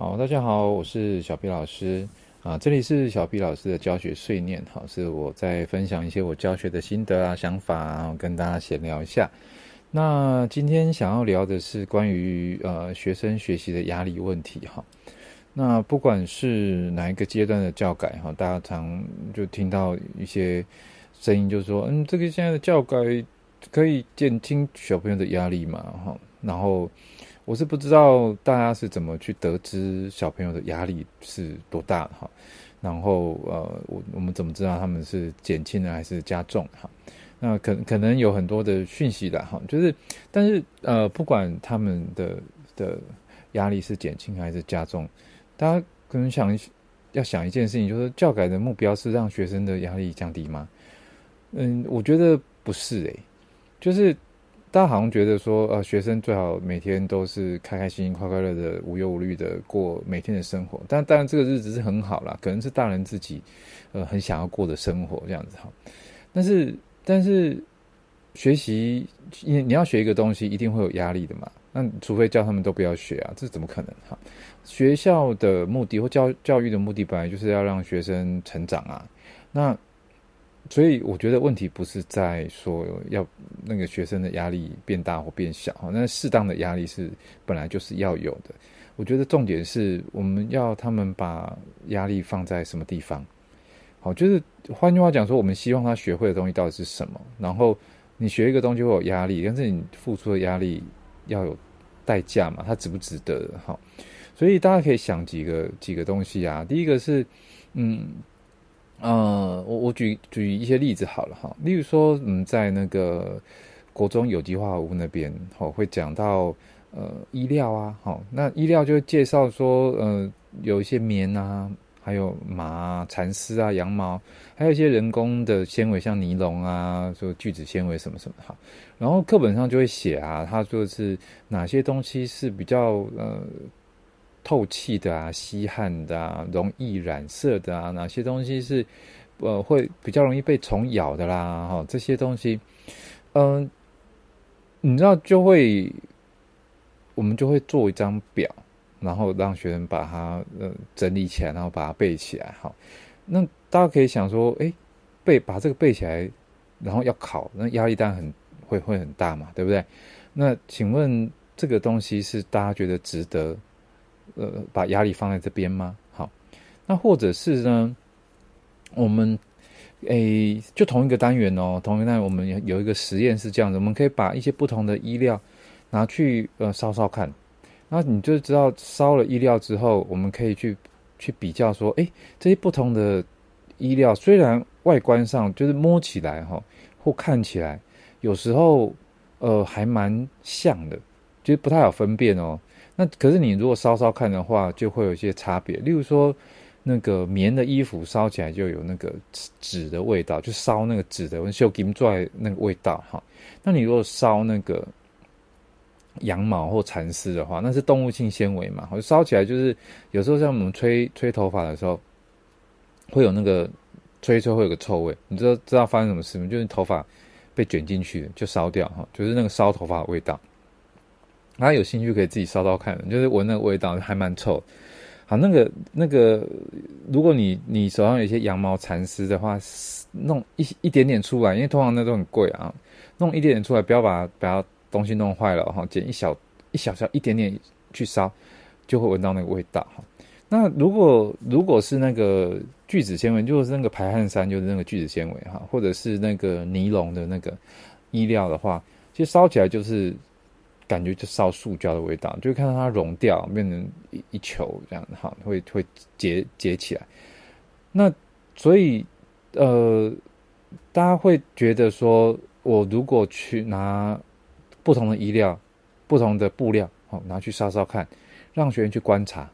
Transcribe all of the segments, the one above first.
好，大家好，我是小 B 老師啊，這裡是小 B 老師的教學碎念，好，是我在分享一些我教學的心得啊、想法，啊，跟大家閒聊一下。那今天想要聊的是關於呃學生學習的壓力問題哈。那不管是哪一個階段的教改哈，大家常就聽到一些聲音，就是說，嗯，這個現在的教改可以減輕小朋友的壓力嘛哈，然後。我是不知道大家是怎麼去得知小朋友的壓力是多大的哈，然後呃，我我們怎麼知道他們是減輕了還是加重哈？那可可能有很多的訊息的哈，就是但是呃，不管他們的的壓力是減輕還是加重，大家可能想要想一件事情，就是教改的目標是讓學生的壓力降低嗎？嗯，我覺得不是誒、欸，就是。大家好像覺得說，呃，學生最好每天都是開開心心、快快樂樂、無憂無慮的過每天的生活。但當然，這個日子是很好啦，可能是大人自己，呃，很想要過的生活這樣子哈。但是，但是學習，你你要學一個東西，一定會有壓力的嘛。那除非叫他們都不要學啊，這是怎麼可能哈？學校的目的或教教育的目的，本來就是要讓學生成長啊。那所以我覺得問題不是在說要那個學生的壓力變大或變小，那適當的壓力是本來就是要有的。我覺得重點是我們要他們把壓力放在什麼地方。好，就是換句話講說，我們希望他學會的東西到底是什麼？然後你學一個東西會有壓力，但是你付出的壓力要有代價嘛？它值不值得？好，所以大家可以想幾個幾個東西啊。第一個是，嗯。呃、嗯，我我舉舉一些例子好了哈，例如說，嗯，在那個國中有機化合物，那邊，哈、哦，會講到呃，衣料啊，哈，那衣料就會介紹說，呃，有一些棉啊，還有麻、啊、蠶絲啊、羊毛，還有一些人工的纖維，像尼龍啊，就聚酯纖維什麼什麼哈，然後課本上就會寫啊，他說的是哪些東西是比較呃。透氣的啊，吸汗的啊，容易染色的啊，哪些東西是，呃，會比較容易被蟲咬的啦？哈、哦，這些東西，嗯、呃，你知道就會，我們就會做一張表，然後讓學生把它呃整理起來，然後把它背起來。哈、哦，那大家可以想說，哎，背把這個背起來，然後要考，那壓力當然很會會很大嘛，對不對？那請問這個東西是大家覺得值得？呃，把壓力放在這邊嗎？好，那或者是呢？我們誒、欸，就同一個單元哦，同一個單元，我們有一個實驗是這樣子，我們可以把一些不同的衣料拿去呃燒燒看，那你就知道燒了衣料之後，我們可以去去比較說，誒、欸，這些不同的衣料雖然外觀上就是摸起來哈、哦、或看起來，有時候呃還蠻像的，就是不太好分辨哦。那可是你如果燒燒看的話，就會有一些差別。例如說，那個棉的衣服燒起來就有那個紙紙的味道，就燒那個紙的，跟嗅金拽那個味道哈。那你如果燒那個羊毛或蠶絲的話，那是動物性纖維嘛，燒起來就是有時候像我們吹吹頭髮的時候，會有那個吹吹會有個臭味。你知道知道發生什麼事嗎？就是頭髮被捲進去就燒掉哈，就是那個燒頭髮的味道。那有興趣可以自己燒燒看，就是聞那個味道還蠻臭。好，那個那個，如果你你手上有一些羊毛蠶絲的話，弄一一，一點點出來，因為通常那都很貴啊，弄一點點出來，不要把把它東西弄壞了哈，剪，一小一小條一點點去燒，就會聞到那個味道哈。那如果如果是那個聚酯纖維，就是那個排汗衫，就是那個聚酯纖維哈，或者是那個尼龍的那個衣料的話，其實燒起來就是。感覺就燒塑膠的味道，就會看到它融掉，變成一球這樣的，好會會結結起來。那所以呃，大家會覺得說，我如果去拿不同的衣料、不同的布料，好、哦、拿去燒燒看，讓學員去觀察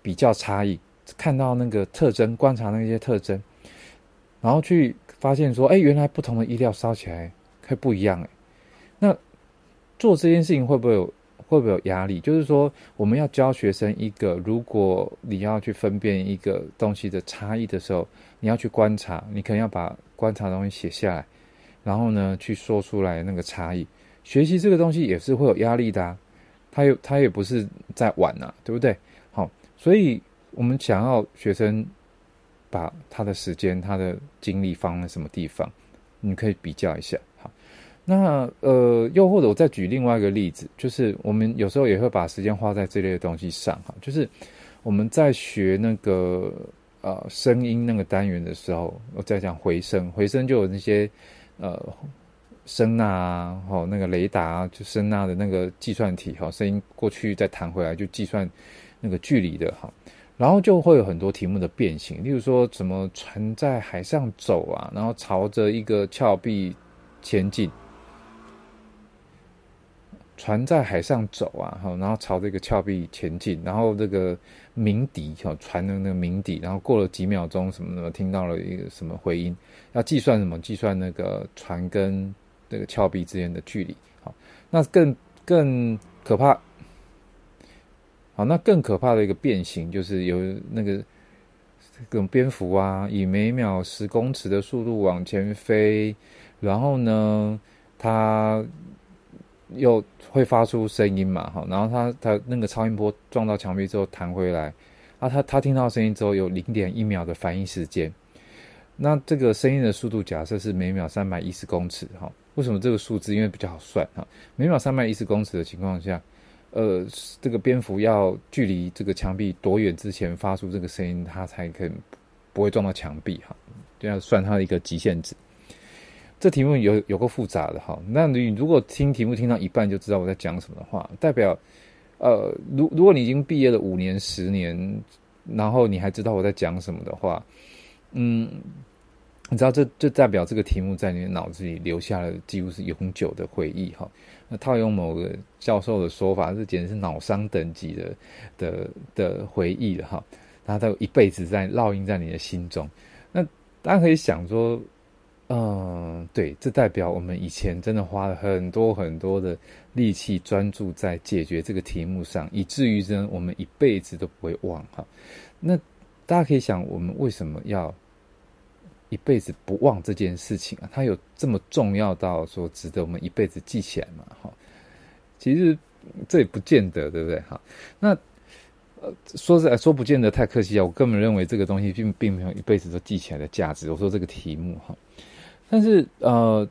比較差異，看到那個特徵，觀察那些特徵，然後去發現說，哎、欸，原來不同的衣料燒起來會不一樣，哎。做這件事情會不會有會不會有壓力？就是說，我們要教學生一個，如果你要去分辨一個東西的差異的時候，你要去觀察，你可能要把觀察東西寫下來，然後呢，去說出來那個差異。學習這個東西也是會有壓力的啊，它也它也不是在玩啊，對不對？好，哦，所以我們想要學生把他的時間、他的精力放在什麼地方，你可以比較一下。那呃，又或者我再舉另外一個例子，就是我們有時候也會把時間花在這類的東西上哈。就是我們在學那個呃聲音那個單元的時候，我在講回聲，回聲就有那些呃聲呐哈、啊哦，那個雷達、啊、就聲呐的那個計算題哈、哦，聲音過去再彈回來就計算那個距離的哈、哦，然後就會有很多題目的變形，例如說什麼船在海上走啊，然後朝着一個峭壁前進。船在海上走啊，然後朝這個峭壁前進，然後這個鳴笛，船的那個鳴笛，然後過了幾秒鐘，什麼什麼，聽到了一個什麼回音，要計算什麼？計算那個船跟那個峭壁之間的距離，好，那更更可怕，好，那更可怕的一個變形就是有那個各種蝙蝠啊，以每秒十公尺的速度往前飛，然後呢，它。又會發出聲音嘛，哈，然後它它那個超音波撞到牆壁之後彈回來，啊，它它聽到聲音之後有零點一秒的反應時間。那這個聲音的速度假設是每秒三百一十公尺，哈，為什麼這個數字？因為比較好算哈，每秒三百一十公尺的情況下，呃，這個蝙蝠要距離這個牆壁多遠之前發出這個聲音，它才肯不會撞到牆壁，哈，就要算它的一個極限值。這題目有有夠複雜的哈，那你如果聽題目聽到一半就知道我在講什麼的話，代表呃，如如果你已經畢業了五年十年，然後你還知道我在講什麼的話，嗯，你知道這這代表這個題目在你的腦子裡留下了幾乎是永久的回憶哈。那套用某個教授的說法，這簡直是腦傷等級的的的回憶了哈，它都一輩子在烙印在你的心中。那大家可以想說。嗯，對，這代表我們以前真的花了很多很多的力氣，專注在解決這個題目上，以至於真的我們一輩子都不會忘哈。那大家可以想，我們為什麼要一輩子不忘這件事情啊？它有這麼重要到說值得我們一輩子記起來嘛？哈，其實這也不見得，對不對？哈，那呃，說是說不見得太客氣啊，我根本認為這個東西並並沒有一輩子都記起來的價值。我說這個題目哈。但是，呃，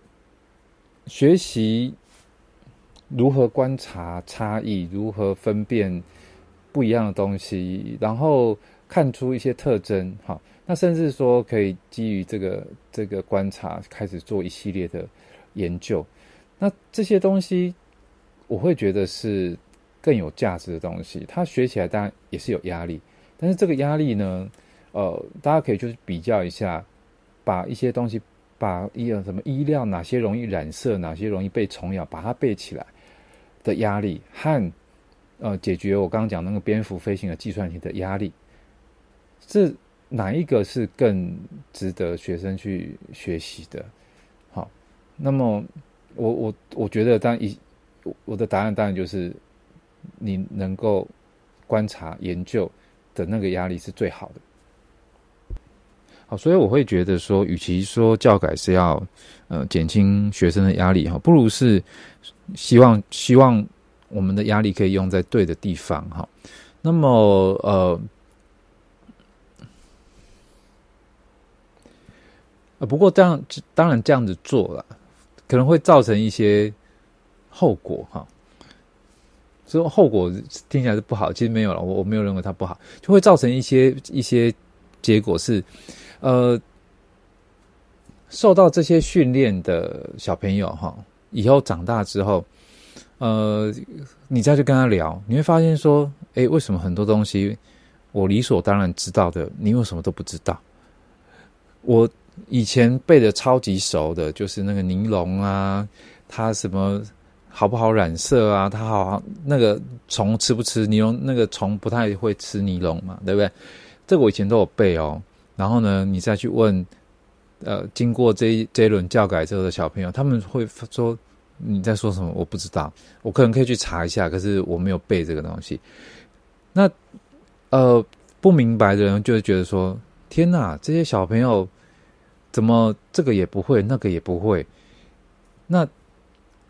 學習如何觀察差異，如何分辨不一樣的東西，然後看出一些特徵，哈，那甚至說可以基於這個這個觀察開始做一系列的研究，那這些東西我會覺得是更有價值的東西。他學起來當然也是有壓力，但是這個壓力呢，呃，大家可以就是比較一下，把一些東西。把有什麼衣料，哪些容易染色，哪些容易被蟲咬，把它背起來的壓力和呃解決我剛剛講那個蝙蝠飛行的計算題的壓力，這哪一個是更值得學生去學習的？好，那麼我我我覺得當然一我的答案當然就是你能夠觀察研究的那個壓力是最好的。好，所以我會覺得說，與其說教改是要，呃，減輕學生的壓力哈、哦，不如是希望希望我們的壓力可以用在對的地方哈、哦。那麼呃，不過這樣當然這樣子做了，可能會造成一些後果哈。所以後果聽起來是不好，其實沒有了，我我沒有認為它不好，就會造成一些一些結果是。呃，受到這些訓練的小朋友哈，以後長大之後，呃，你再去跟他聊，你會發現說，誒，為什麼很多東西我理所當然知道的，你為什麼都不知道？我以前背的超級熟的，就是那個尼龍啊，它什麼好不好染色啊，它好那個蟲吃不吃尼龍？那個蟲不太會吃尼龍嘛，對不對？這個我以前都有背哦。然後呢，你再去問，呃，經過這一這一輪教改之後的小朋友，他們會說：“你在說什麼？我不知道。我可能可以去查一下，可是我沒有背這個東西。那”那呃，不明白的人就會覺得說：“天哪，這些小朋友怎麼這個也不會，那個也不會？那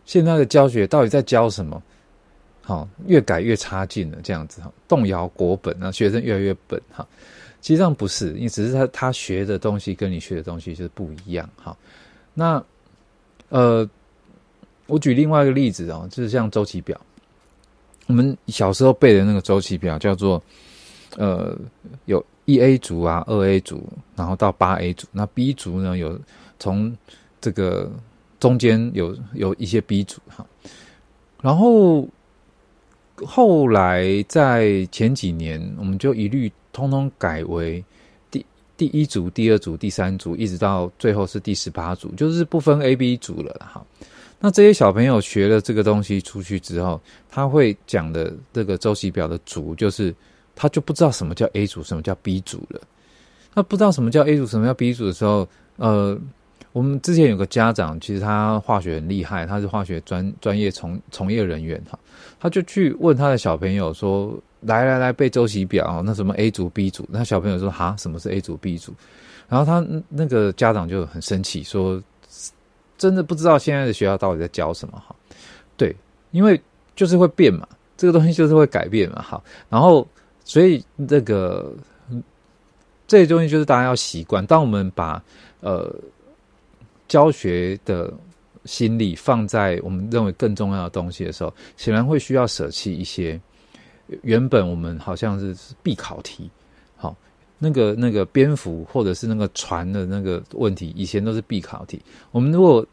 現在的教學到底在教什麼？好，越改越差勁了，這樣子哈，動搖國本，啊學生越來越本哈。”其實上不是，因為只是他他學的東西跟你學的東西是不一樣。哈，那呃，我舉另外一個例子哦，就是像週期表，我們小時候背的那個週期表叫做呃，有一 A 族啊，二 A 族，然後到八 A 族，那 B 族呢有從這個中間有有一些 B 族哈，然後。後來在前幾年，我們就一律通通改為第第一組、第二組、第三組，一直到最後是第十八組，就是不分 A、B 組了。哈，那這些小朋友學了這個東西出去之後，他會講的這個周期表的組就是他就不知道什麼叫 A 組，什麼叫 B 組了。他不知道什麼叫 A 組，什麼叫 B 組的時候，呃。我們之前有個家長，其實他化學很厲害，他是化學專專業從從業人員哈，他就去問他的小朋友說：“來來來，背周期表，那什麼 A 族 B 族？”那小朋友說：“哈，什麼是 A 族 B 族？”然後他那個家長就很生氣，說：“真的不知道現在的學校到底在教什麼？”哈，對，因為就是會變嘛，這個東西就是會改變嘛，哈，然後所以那個這些東西就是大家要習慣，當我們把呃。教學的心力放在我們認為更重要的東西的時候，顯然會需要捨棄一些原本我們好像是必考題。好，那個那個蝙蝠或者是那個船的那個問題，以前都是必考題。我們如果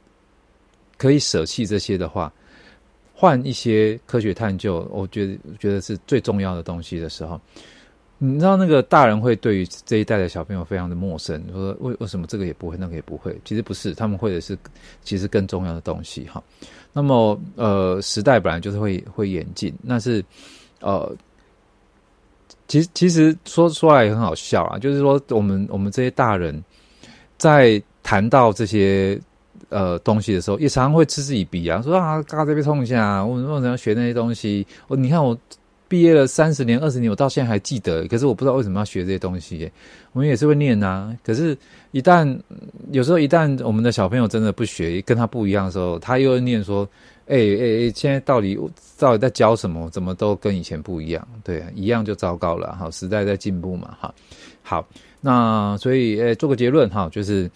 可以捨棄這些的話，換一些科學探究，我覺得我覺得是最重要的東西的時候。你知道那個大人會對於這一代的小朋友非常的陌生，說，為為什麼這個也不會，那個也不會？其實不是，他們會的是其實更重要的東西哈。那麼呃，時代本來就是會會演進，那是呃，其實其實說出來很好笑啊，就是說我們我們這些大人在談到這些呃東西的時候，也常常會嗤之以鼻啊，說啊，嘎這邊痛一下，我為怎麼樣學那些東西？我你看我。畢業了三十年、二十年，我到現在還記得。可是我不知道為什麼要學這些東西，欸，我們也是會念啊。可是，一旦有時候一旦我們的小朋友真的不學，跟他不一樣的時候，他又會念說：“哎哎哎，現在到底到底在教什麼？怎麼都跟以前不一樣？對，啊，一樣就糟糕了哈。時代在進步嘛哈。好，好，那所以呃、欸，做個結論哈，就是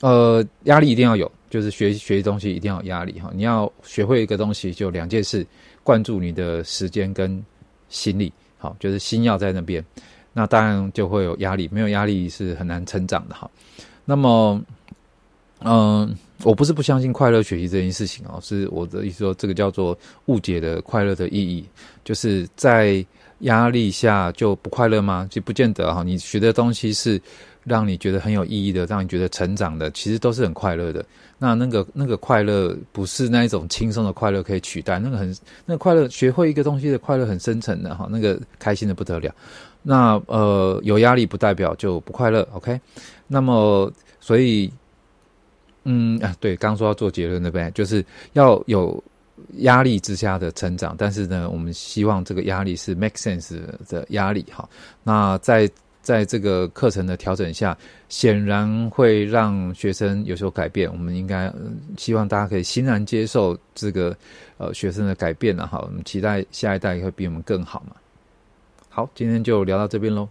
呃，壓力一定要有，就是學學東西一定要有壓力哈。你要學會一個東西，就兩件事。灌注你的時間跟心力，好，就是心要在那邊，那當然就會有壓力，沒有壓力是很難成長的哈。那麼，嗯、呃，我不是不相信快樂學習這件事情哦，是我的意思說這個叫做誤解的快樂的意義，就是在壓力下就不快樂嗎？就不見得哈，你學的東西是。讓你覺得很有意義的，讓你覺得成長的，其實都是很快樂的。那那個那個快樂，不是那一種輕鬆的快樂可以取代。那個很，那個快樂，學會一個東西的快樂很深沉的哈，那個開心的不得了。那呃，有壓力不代表就不快樂，OK？那麼所以，嗯啊，對，剛剛說要做結論的唄，就是要有壓力之下的成長，但是呢，我們希望這個壓力是 make sense 的壓力哈。那在。在這個課程的調整下，顯然會讓學生有所改變。我們應該希望大家可以欣然接受這個呃學生的改變了、啊、哈。好，我們期待下一代會比我們更好嘛。好，今天就聊到這邊嘍。